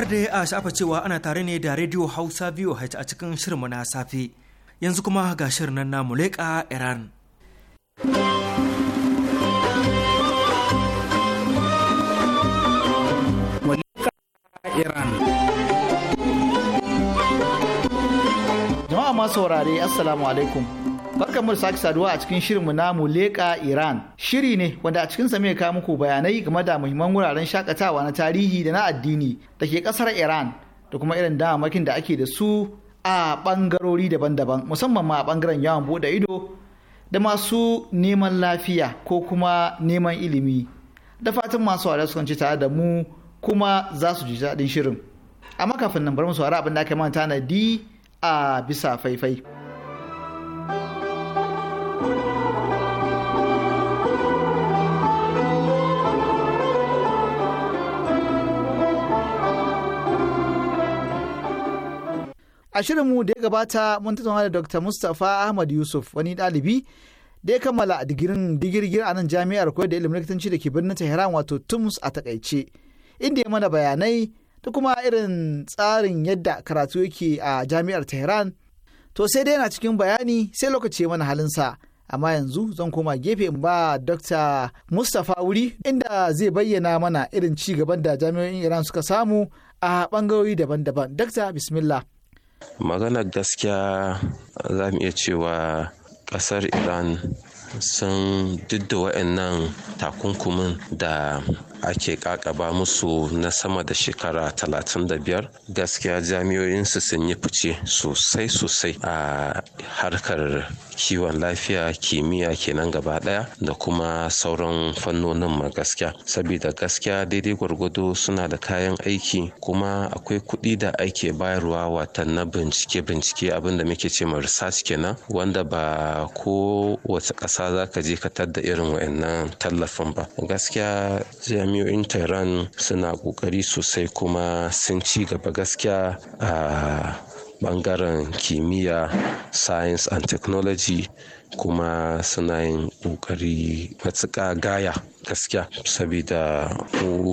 Tokar da a shafa cewa ana tare ne da Radio Hausa VOH a cikin shirinmu na safe. Yanzu kuma ga shirin nan na Muleka Iran. Iran. Jama'a masu wurare, Assalamu alaikum. Barkan mu sake saduwa a cikin mu na Muleka Iran. Shiri ne wanda a cikin sa mai kawo muku bayanai game da muhimman wuraren shakatawa na tarihi da na addini da ke kasar Iran da kuma irin damamakin da ake da su a bangarori daban-daban musamman ma a bangaren yawon bude ido da masu neman lafiya ko kuma neman ilimi. Da fatan masu wada su ci tare da mu kuma za su ji daɗin shirin. Amma kafin nan bar mu saurari abin da aka manta na di a bisa faifai. a shirinmu da ya gabata mun tattauna da dr mustapha ahmad yusuf wani dalibi da ya kammala digirin digirgir a nan jami'ar koyar da ilimin likitanci da ke birnin tehran wato tums a takaice inda ya mana bayanai da kuma irin tsarin yadda karatu yake a jami'ar tehran to sai dai yana cikin bayani sai lokaci mana halinsa amma yanzu zan koma gefe in ba dr mustapha wuri inda zai bayyana mana irin ci gaban da jami'o'in iran suka samu a bangarori daban-daban dr bismillah maganar gaskiya za mu iya cewa ƙasar iran sun duk da takunkumin da ake kakaba musu na sama da shekara 35 gaskiya jami'o'insu sun yi fice sosai sosai a harkar kiwon lafiya kimiyya kenan gaba daya da kuma sauran fannonin ma gaskiya saboda gaskiya daidai gwargwado suna da kayan aiki kuma akwai kuɗi da ake bayarwa watan na bincike bincike abinda muke ce ma research kenan wanda ba ko wata ƙasa za ka je ka tadda irin wa'annan tallafin ba gaskiya jami'o'in tehran suna kokari sosai kuma sun ci gaba gaskiya a bangaren kimiyya science and technology kuma suna yin kokari matuƙa gaya gaskiya saboda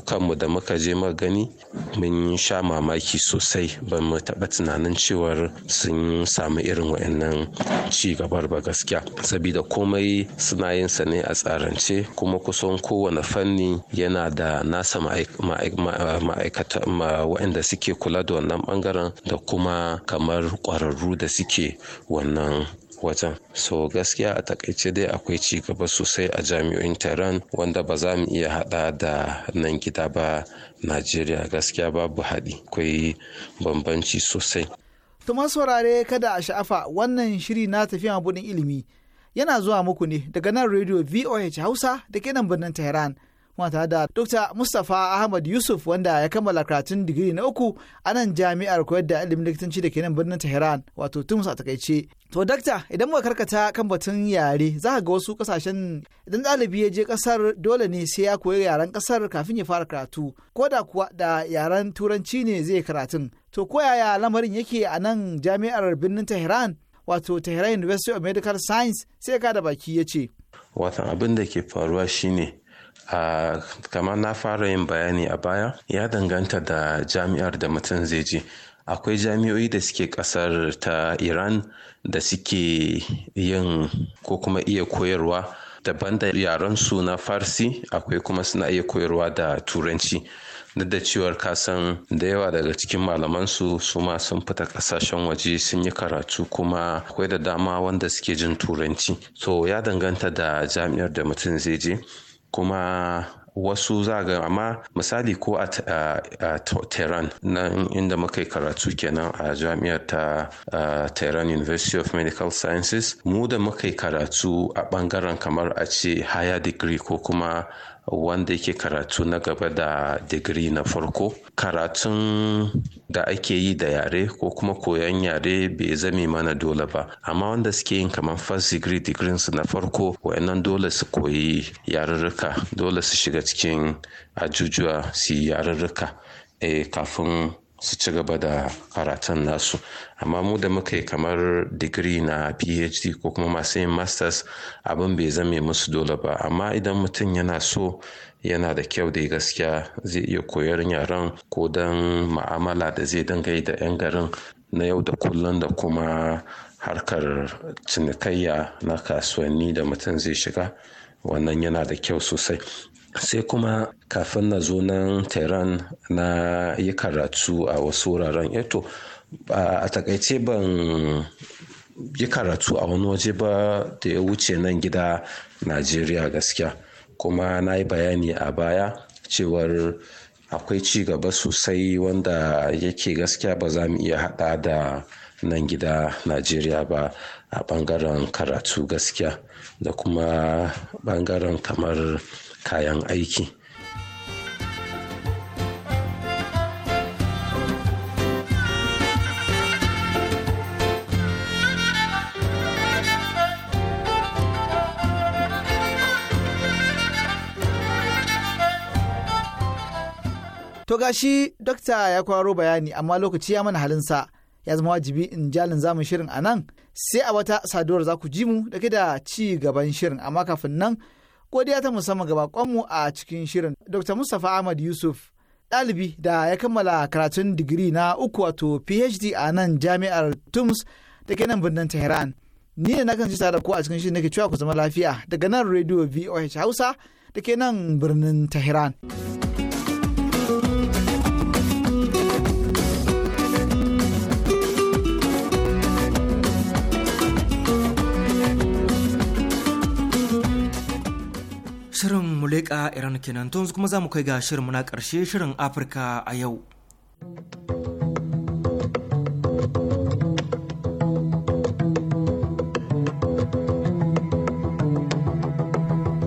kanmu da muka je muka gani mun sha mamaki sosai ba mu taɓa tunanin cewar sun samu irin wa'annan ci gabar ba gaskiya saboda komai suna yin sa ne a tsarance kuma kusan kowane fanni yana da nasa ma'aikata wa'anda suke kula da wannan bangaren da kuma kamar ƙwararru da suke wannan wajen so gaskiya a takaice dai akwai ci gaba sosai a jami'o'in taron wanda ba za mu iya hada da nan gida ba najeriya gaskiya babu haɗi akwai bambanci sosai tuma saurare kada a sha'afa wannan shiri na tafiya buɗin ilimi yana zuwa muku ne daga nan radio voh hausa da ke nan birnin tehran kuma tare da Dr. Mustapha Ahmad Yusuf wanda ya kammala karatun digiri na uku a nan jami'ar koyar da ilimin likitanci da ke nan birnin Tehran wato Tums a takaice. To dakta idan muka karkata kan batun yare za ga wasu kasashen idan ɗalibi ya je kasar dole ne sai ya koyi yaren kasar kafin ya fara karatu ko da kuwa da yaren turanci ne zai karatun. To ko yaya lamarin yake a nan jami'ar birnin Tehran wato Tehran University of Medical Science sai ka da baki ya ce. Watan abin da ke faruwa shine a kamar na fara yin bayani a baya ya danganta da jami'ar da mutum zai je akwai jami'oi da suke kasar ta iran da suke yin ko kuma iya koyarwa daban da yarensu na farsi akwai kuma suna iya koyarwa da turanci duk da cewar kasan da yawa daga cikin malamansu su ma sun fita kasashen waje sun yi karatu kuma akwai da dama wanda suke jin turanci so ya danganta da jami'ar da mutum zai je kuma wasu za ga amma misali ko a tehran nan inda muka yi karatu kenan a jami'ar ta tehran university of medical sciences mu da muka yi karatu a bangaren kamar a ce higher degree ko kuma wanda yake karatu na gaba da digiri na farko karatun da ake yi da yare ko kuma koyon yare bai zame mana dole ba amma wanda suke yin kamar first degree degrees na farko wayannan dole su koyi yarurruka dole su shiga cikin ajujuwa su yi yarurruka eh, kafin su ci gaba da karatun nasu amma mu da muka yi kamar digiri na phd ko kuma masu yin masters abin bai zame musu dole ba amma idan mutum yana so yana da kyau da gaskiya zai iya koyar yaran ko don ma'amala da zai dinga yi da 'yan garin na yau da kullum da kuma harkar cinikayya na kasuwanni da mutum zai shiga wannan yana da kyau sosai sai kuma kafin na zo nan tehran na yi karatu a wasu wuraren eto eh a takaice ban yi karatu a wani waje ba da ya wuce nan gida najeriya gaskiya kuma na yi bayani a baya cewar akwai ci gaba sosai wanda yake gaskiya ba za mu iya hada da nan gida najeriya ba a bangaren karatu gaskiya da kuma bangaren kamar kayan aiki. To gashi dokta ya kwaro bayani amma lokaci ya mana halinsa ya zama wajibi in jalin zamun shirin a nan sai a wata saduwar za ku ji mu da da ci gaban shirin amma kafin nan godiya ta musamman ga bakonmu a cikin shirin dr mustapha ahmad yusuf dalibi da ya kammala karatun digiri na uku wato phd a nan jami'ar tums da ke nan birnin tehran ni ne na kan ci da ku a cikin shirin nake cewa ku zama lafiya daga nan radio voh hausa da ke nan birnin tehran. Shirin Muleka Iran kenan tun kuma za mu kai ga shirin muna karshe shirin Afirka a yau.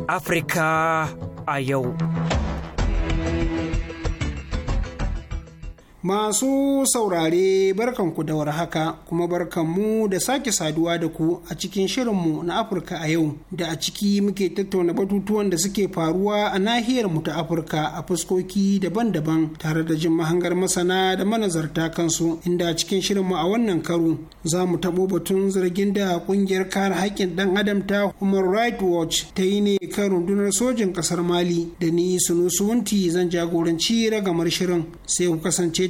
Afirka a yau. Masu saurare barkanku da warhaka kuma barkanmu da sake saduwa da ku a cikin shirinmu na Afirka a yau da a ciki muke tattauna batutuwan da suke faruwa a nahiyar mu ta Afirka a fuskoki daban-daban tare da jin mahangar masana da manazarta kansu inda a cikin shirinmu a wannan karo za mu taɓo batun zargin da kungiyar kare haƙƙin ɗan adam ta Human Rights Watch ta yi ne kan rundunar sojin ƙasar Mali da ni Sunusu Wunti zan jagoranci ragamar shirin sai ku kasance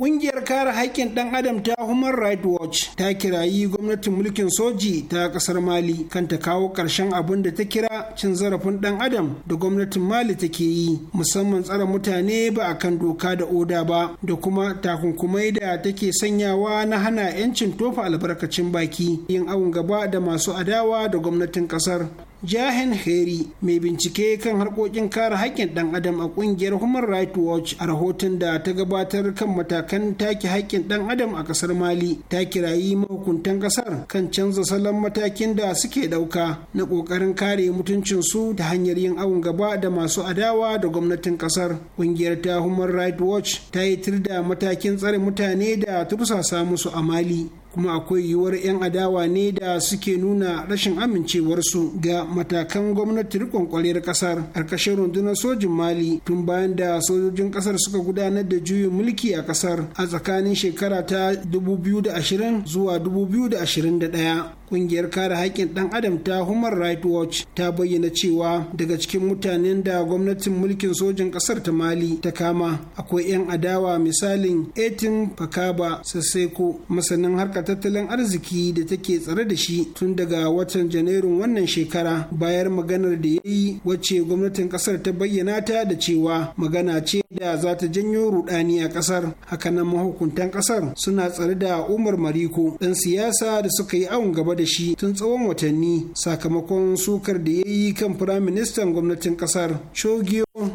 Ƙungiyar kare haƙƙin ɗan adam ta Human Rights Watch ta kirayi gwamnatin mulkin soji ta ƙasar Mali kan ta kawo ƙarshen abin da ta kira cin zarafin ɗan adam da gwamnatin Mali take yi musamman tsare mutane ba a kan doka da oda ba da kuma takunkumai da take sanyawa na hana 'yancin tofa albarkacin baki yin awon gaba da masu adawa da gwamnatin ƙasar. Jahen Heri mai bincike kan harkokin kare haƙƙin ɗan adam a ƙungiyar Human Rights Watch a rahoton da ta gabatar kan matakan take haƙƙin ɗan adam a ƙasar Mali ta kirayi mahukuntan ƙasar kan canza salon matakin da suke ɗauka na ƙoƙarin kare mutuncin su ta hanyar yin awon gaba da masu adawa da gwamnatin ƙasar. Ƙungiyar ta Human Rights Watch ta yi tirda matakin tsare mutane da tursasa musu a Mali kuma akwai yiwuwar 'yan adawa ne da suke nuna rashin amincewarsu ga matakan gwamnati rikon kwaliyar kasar ƙarƙashin rundunar sojin mali tun bayan da sojojin kasar suka gudanar da juyin mulki a kasar a tsakanin shekara ta 2020 zuwa 2021 kungiyar kare haƙƙin ɗan adam ta human rights watch ta bayyana cewa daga cikin mutanen da gwamnatin mulkin sojin ƙasar ta mali ta kama akwai 'yan adawa misalin etin fakaba sasseko masanin harkar tattalin arziki da take tsare da shi tun daga watan janairun wannan shekara bayar maganar da ya yi wacce gwamnatin ƙasar ta bayyana ta da cewa magana ce da za ta janyo rudani a ƙasar hakanan mahukuntan ƙasar suna tsare da umar mariko ɗan siyasa da suka yi awon gaba da shi tun tsawon watanni sakamakon sukar da ya yi kan firaministan gwamnatin kasar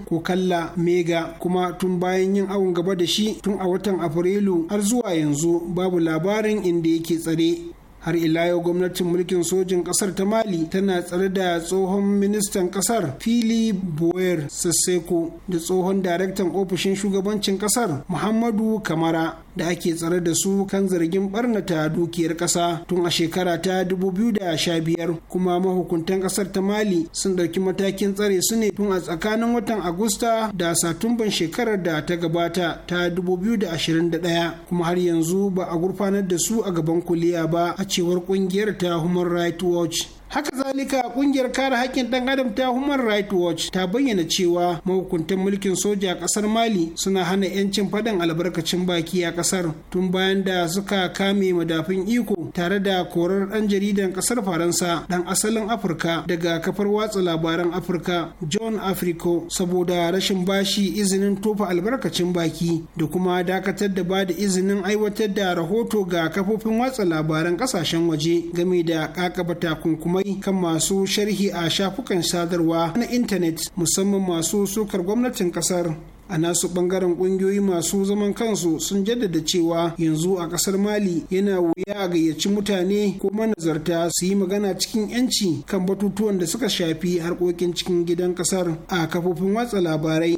ko kalla mega kuma tun bayan yin awon gaba da shi tun a watan afrilu har zuwa yanzu babu labarin inda yake tsare har ila yau gwamnatin mulkin sojin kasar ta mali tana tsare da tsohon ministan kasar fili boyer sasseko da tsohon daraktan ofishin shugabancin kasar muhammadu kamara da ake tsare da su kan zargin barnata dukiyar kasa tun a shekara ta 2015 kuma mahukuntan kasar ta mali sun ɗauki matakin tsare su ne tun a tsakanin watan agusta da satumban shekarar da ta gabata ta 2021 kuma har yanzu ba a gurfanar da su a gaban kuliya ba a cewar kungiyar ta human rights watch haka zalika kungiyar kare haƙƙin ɗan adam ta human rights watch ta bayyana cewa mahukuntan mulkin soja a ƙasar mali suna hana 'yancin faɗin albarkacin baki a ƙasar tun bayan da suka kame madafin iko tare da korar ɗan jaridan ƙasar faransa ɗan asalin afirka daga kafar watsa labaran afirka john africo saboda rashin bashi izinin tofa albarkacin baki da kuma dakatar da ba da izinin aiwatar da rahoto ga kafofin watsa labaran ƙasashen waje game da kakaba takunkuma kalamai kan masu sharhi a shafukan sadarwa na intanet musamman masu sukar gwamnatin kasar a nasu bangaren kungiyoyi masu zaman kansu sun jaddada cewa yanzu a kasar mali yana wuya a gayyaci mutane ko manazarta su yi magana cikin yanci kan batutuwan da suka shafi harkokin cikin gidan kasar a kafofin watsa labarai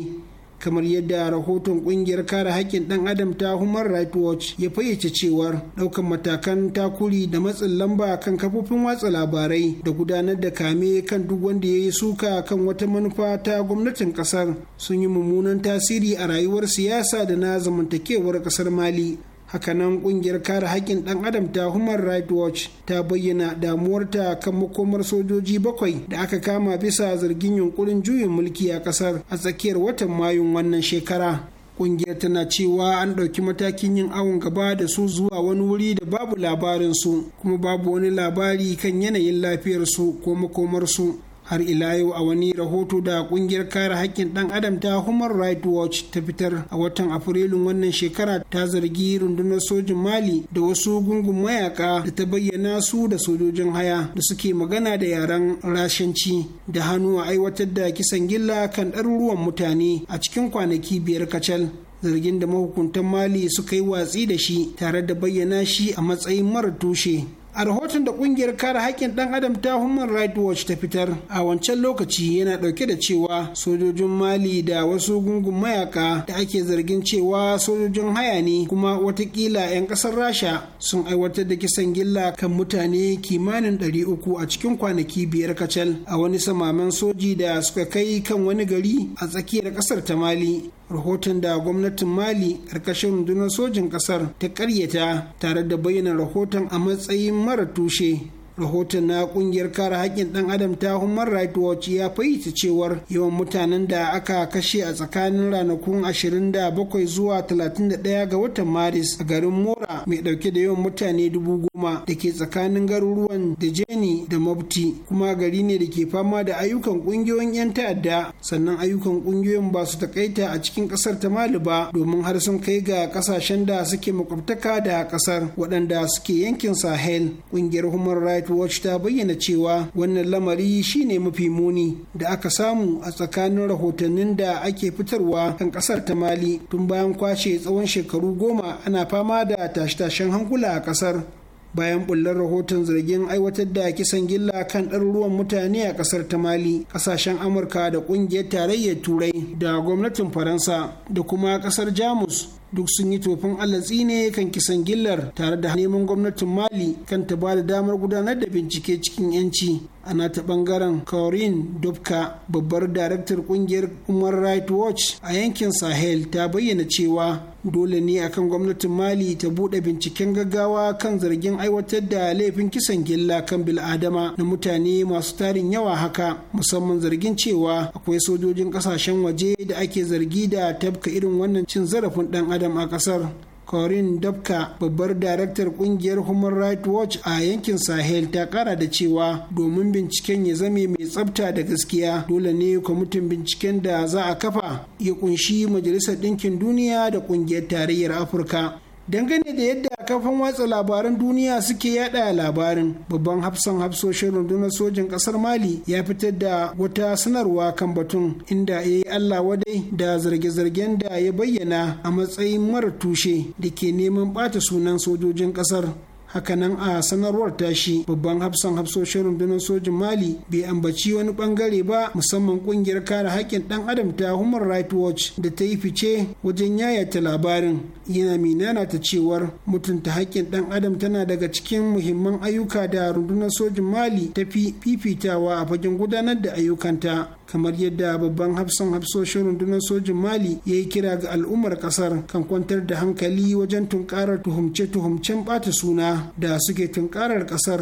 kamar yadda rahoton kungiyar kare haƙƙin ɗan adam ta human rights watch ya fayyace cewar ɗaukan matakan takuri da matsin lamba kan kafofin watsa labarai da gudanar da kame kan duk wanda ya yi suka kan wata manufa ta gwamnatin ƙasar sun yi mummunan tasiri a rayuwar siyasa da na zamantakewar ƙasar mali hakanan kungiyar kare haƙƙin ɗan adam ta human rights watch ta bayyana damuwarta kan makomar sojoji bakwai da aka kama bisa zargin yunkurin juyin mulki a ƙasar a tsakiyar watan mayun wannan shekara kungiyar tana cewa an ɗauki matakin yin awon gaba da su zuwa wani wuri da babu labarin su kuma babu wani labari kan yanayin lafiyarsu ko makomarsu har ila yau a wani rahoto da kungiyar kare haƙƙin ɗan adam ta human rights watch ta fitar a watan afrilun wannan shekara ta zargi rundunar sojin mali da wasu gungun mayaka da ta bayyana su da sojojin haya da suke magana da yaren rashanci da hannu a aiwatar da kisan gilla kan ɗaruruwan mutane a cikin kwanaki biyar kacal zargin da mahukuntan mali suka yi watsi da shi tare da bayyana shi a matsayin mara tushe a rahoton da kungiyar kare haƙƙin ɗan adam ta human rights watch ta fitar a wancan lokaci yana ɗauke da cewa sojojin mali da wasu gungun mayaka da ake zargin cewa sojojin haya ne kuma watakila 'yan ƙasar rasha sun aiwatar da kisan gilla kan mutane kimanin uku a cikin kwanaki biyar kacal a wani samaman soji da suka kai kan wani gari a tsakiyar ƙasar ta mali rahoton da gwamnatin mali ƙarƙashin rundunar sojin ƙasar ta ƙaryata tare da bayyana rahoton a matsayin mara tushe rahoton na kungiyar kare haƙƙin ɗan adam ta human rights watch ya fayyace cewar yawan mutanen da aka kashe a tsakanin ranakun 27 zuwa 31 ga watan maris a garin mora mai ɗauke da yawan mutane dubu goma da ke tsakanin garuruwan da jeni da mabti kuma gari ne da ke fama da ayyukan ƙungiyoyin 'yan ta'adda sannan ayyukan ƙungiyoyin ba su takaita a cikin ƙasar ta mali ba domin har sun kai ga ƙasashen da suke makwabtaka da ƙasar waɗanda suke yankin sahel ƙungiyar human rights right ta bayyana cewa wannan lamari shine mafi muni da aka samu a tsakanin rahotannin da ake fitarwa kan kasar ta mali tun bayan kwashe tsawon shekaru goma ana fama da tashe-tashen hankula a kasar bayan bullar rahoton zargin aiwatar da kisan gilla kan ɗaruruwan mutane a ƙasar ta mali ƙasashen amurka da ƙungiyar tarayyar turai da gwamnatin faransa da kuma ƙasar jamus duk sun yi tofin allah tsine kan kisan gillar tare da neman gwamnatin mali kan ta ba da damar gudanar da bincike cikin yanci ana ta bangaren Corinne Dubka babbar daraktar kungiyar Human Rights Watch a yankin Sahel ta bayyana cewa dole ne akan gwamnatin Mali ta bude binciken gaggawa kan zargin aiwatar da laifin kisan gilla kan bil'adama na mutane masu tarin yawa haka musamman zargin cewa akwai sojojin kasashen waje da ake zargi da tabka irin wannan cin zarafin dan adam a kasar corinne dabka babbar daraktar kungiyar human rights watch a yankin sahel ta kara da cewa domin binciken ya zame mai tsabta da gaskiya dole ne kwamitin binciken da za a kafa ya kunshi majalisar ɗinkin duniya da kungiyar tarayyar afirka dangane da yadda kafan watsa labaran duniya suke yada labarin babban hafsan hafsoshin rundunar sojin kasar mali ya fitar da wata sanarwa kan batun inda ya yi allah wadai da zarge-zargen da ya bayyana a matsayin mara tushe da ke neman bata sunan sojojin kasar hakanan a sanarwar tashi babban hafsan hafsoshin rundunar sojin mali bai ambaci wani bangare ba musamman kungiyar kare haƙƙin ɗan adam ta human right watch da ta yi fice wajen yayata labarin yana minana ta cewar mutunta haƙƙin ɗan adam tana daga cikin muhimman ayyuka da rundunar sojin mali ta fi fifitawa a fagen gudanar da ayyukanta kamar yadda babban hafsan hafsoshin rundunar sojin mali ya yi kira ga al'ummar kasar kan kwantar da hankali wajen tunkarar tuhumce-tuhumcen bata suna da suke tunkarar kasar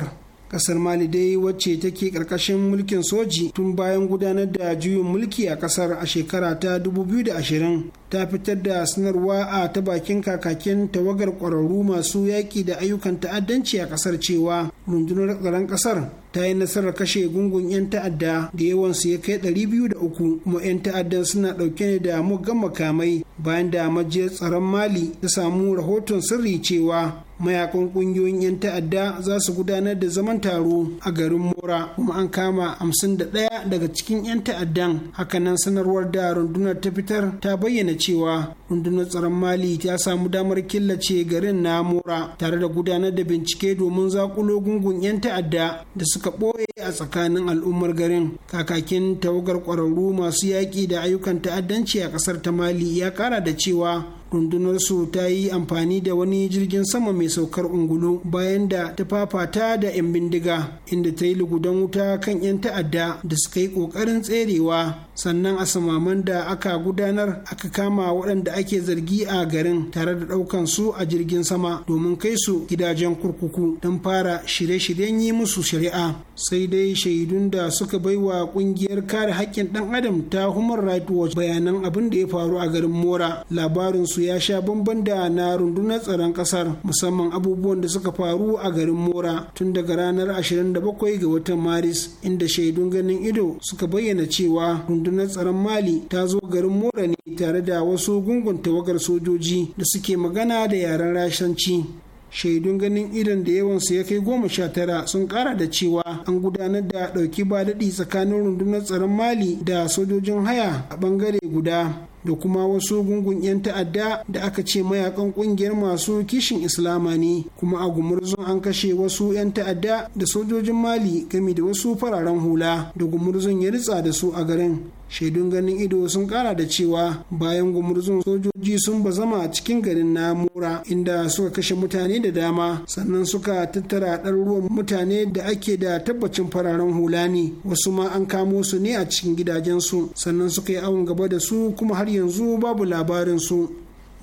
kasar mali dai wacce take karkashin mulkin soji tun bayan gudanar da juyin mulki a kasar a shekara ta 2020 ta fitar da sanarwa a ta bakin kakakin tawagar kwararru masu yaƙi da ayyukan ta'addanci a kasar cewa rundunar tsaron kasar ta yi nasarar kashe gungun 'yan ta'adda da yawansu ya kai 203 kuma 'yan ta'addan suna ɗauke ne da muggan makamai bayan da majiyar tsaron mali ta samu rahoton sirri cewa mayakan kungiyoyin 'yan ta'adda za su gudanar da zaman taro a garin mora kuma an kama da ɗaya daga cikin 'yan ta'addan hakanan sanarwar da rundunar ta fitar ta bayyana cewa rundunar tsaron mali ta samu damar killace garin na mora tare da gudanar da bincike domin zakulo gungun 'yan ta'adda da suka ɓoye a tsakanin al'ummar garin kakakin tawagar kwararru masu yaƙi da ayyukan ta'addanci a ƙasar ta mali ya kara da cewa rundunarsu ta yi amfani da wani jirgin sama mai saukar ungulu bayan da ta fafata da 'yan bindiga inda ta yi lugudan wuta kan 'yan ta'adda da suka yi ƙoƙarin tserewa sannan a samaman da aka gudanar aka kama waɗanda ake zargi a garin tare da ɗaukan su a jirgin sama domin kai su gidajen kurkuku don fara shirye-shiryen yi musu shari'a sai dai shaidun da suka baiwa ƙungiyar kare haƙƙin ɗan adam ta human rights watch bayanan abin da ya faru a garin mora labarin su ya sha bamban da na rundunar tsaron ƙasar musamman abubuwan da suka faru a garin mora tun daga ranar 27 ga watan maris inda shaidun ganin ido suka bayyana cewa rundunar tsaron mali ta zo garin mora ne tare da wasu gungun tawagar sojoji da suke magana da yaren rashanci shaidun ganin idan da yawansu ya kai goma sha tara sun kara da cewa an gudanar da ɗauki ba daɗi tsakanin rundunar tsaron mali da sojojin haya a ɓangare guda da kuma wasu gungun 'yan ta'adda da aka ce mayakan kungiyar masu kishin islama ne kuma a gumurzun an kashe wasu 'yan ta'adda da sojojin mali game da wasu fararen hula da gumurzun ya ritsa da su a garin shaidun ganin ido sun kara da cewa bayan gumurzun sojoji sun ba zama a cikin garin na mura inda suka kashe mutane da dama sannan suka tattara ɗaruruwan mutane da ake da tabbacin fararen hula ne wasu ma an kamo su ne a cikin gidajensu sannan suka yi awon gaba da su kuma har yanzu babu labarin su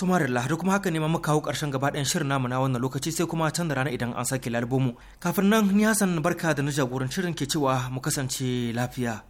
Tumarilla da kuma haka ne ma kawo karshen gaba ɗayan shirin namu na wannan lokaci sai kuma can da rana idan an sake lalbomu. Kafin nan ni Hassan barka da na jagorancin shirin ke cewa mu kasance lafiya.